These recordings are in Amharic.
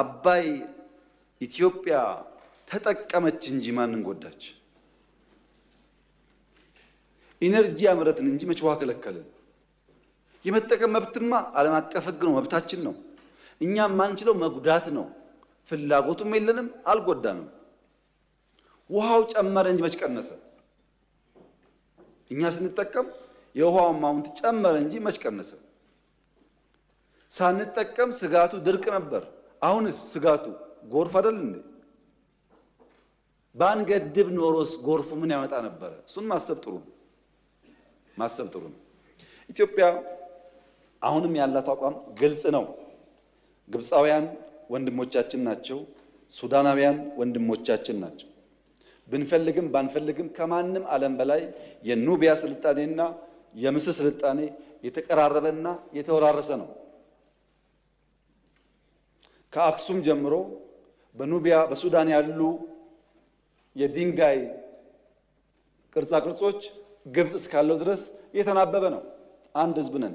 አባይ ኢትዮጵያ ተጠቀመች እንጂ ማንን ጎዳች? ኢነርጂ አምረትን እንጂ መች ውሃ ከለከልን? የመጠቀም መብትማ ዓለም አቀፍ ሕግ ነው፣ መብታችን ነው። እኛ የማንችለው መጉዳት ነው። ፍላጎቱም የለንም፣ አልጎዳንም። ውሃው ጨመረ እንጂ መች ቀነሰ? እኛ ስንጠቀም የውሃው ማውንት ጨመረ እንጂ መች ቀነሰ? ሳንጠቀም ስጋቱ ድርቅ ነበር። አሁንስ ስጋቱ ጎርፍ አይደል እንዴ? ባንገድብ ኖሮስ ጎርፉ ምን ያመጣ ነበረ? እሱን ማሰብ ጥሩ ነው። ማሰብ ጥሩ ነው። ኢትዮጵያ አሁንም ያላት አቋም ግልጽ ነው። ግብፃውያን ወንድሞቻችን ናቸው። ሱዳናውያን ወንድሞቻችን ናቸው። ብንፈልግም ባንፈልግም ከማንም ዓለም በላይ የኑቢያ ስልጣኔና የምስር ስልጣኔ የተቀራረበና የተወራረሰ ነው። ከአክሱም ጀምሮ በኑቢያ በሱዳን ያሉ የድንጋይ ቅርጻ ቅርጾች ግብጽ እስካለው ድረስ የተናበበ ነው። አንድ ህዝብ ነን።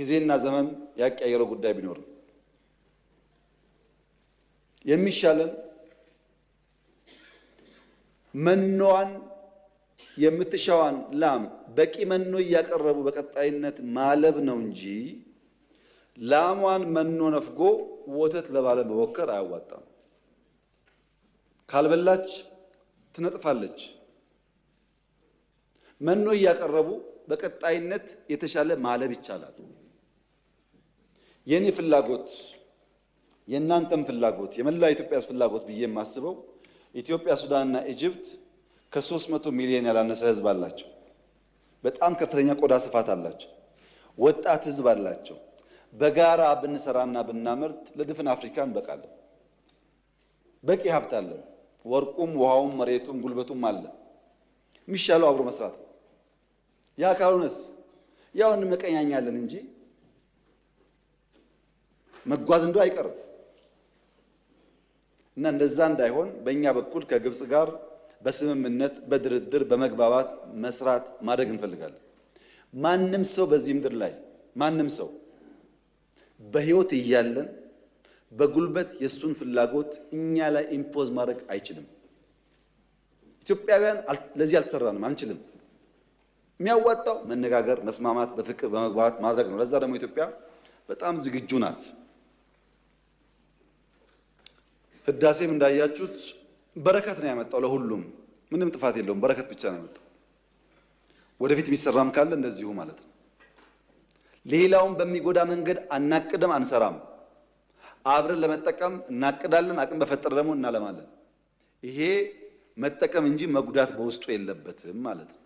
ጊዜና ዘመን ያቀያየረው ጉዳይ ቢኖርም የሚሻለን መኖዋን የምትሻዋን ላም በቂ መኖ እያቀረቡ በቀጣይነት ማለብ ነው እንጂ ላሟን መኖ ነፍጎ ወተት ለባለ መወከር አያዋጣም። ካልበላች ትነጥፋለች። መኖ እያቀረቡ በቀጣይነት የተሻለ ማለብ ይቻላል። የኔ ፍላጎት የእናንተም ፍላጎት የመላ ኢትዮጵያስ ፍላጎት ብዬ የማስበው ኢትዮጵያ፣ ሱዳንና ኢጅፕት ከ300 ሚሊዮን ያላነሰ ሕዝብ አላቸው። በጣም ከፍተኛ ቆዳ ስፋት አላቸው። ወጣት ሕዝብ አላቸው። በጋራ ብንሰራና ብናመርት ለድፍን አፍሪካ እንበቃለን። በቂ ሀብት አለን። ወርቁም፣ ውሃውም፣ መሬቱም ጉልበቱም አለ። የሚሻለው አብሮ መስራት ነው። ያ ካልሆነስ ያው እንመቀኛኛለን እንጂ መጓዝ እንደው አይቀርም እና እንደዛ እንዳይሆን በእኛ በኩል ከግብፅ ጋር በስምምነት በድርድር በመግባባት መስራት ማድረግ እንፈልጋለን። ማንም ሰው በዚህ ምድር ላይ ማንም ሰው በህይወት እያለን በጉልበት የእሱን ፍላጎት እኛ ላይ ኢምፖዝ ማድረግ አይችልም። ኢትዮጵያውያን ለዚህ አልተሰራንም፣ አንችልም። የሚያዋጣው መነጋገር፣ መስማማት፣ በፍቅር በመግባባት ማድረግ ነው። ለዛ ደግሞ ኢትዮጵያ በጣም ዝግጁ ናት። ህዳሴም እንዳያችሁት በረከት ነው ያመጣው። ለሁሉም ምንም ጥፋት የለውም፣ በረከት ብቻ ነው ያመጣው። ወደፊት የሚሰራም ካለ እንደዚሁ ማለት ነው። ሌላውን በሚጎዳ መንገድ አናቅድም፣ አንሰራም። አብረን ለመጠቀም እናቅዳለን፣ አቅም በፈጠረ ደግሞ እናለማለን። ይሄ መጠቀም እንጂ መጉዳት በውስጡ የለበትም ማለት ነው።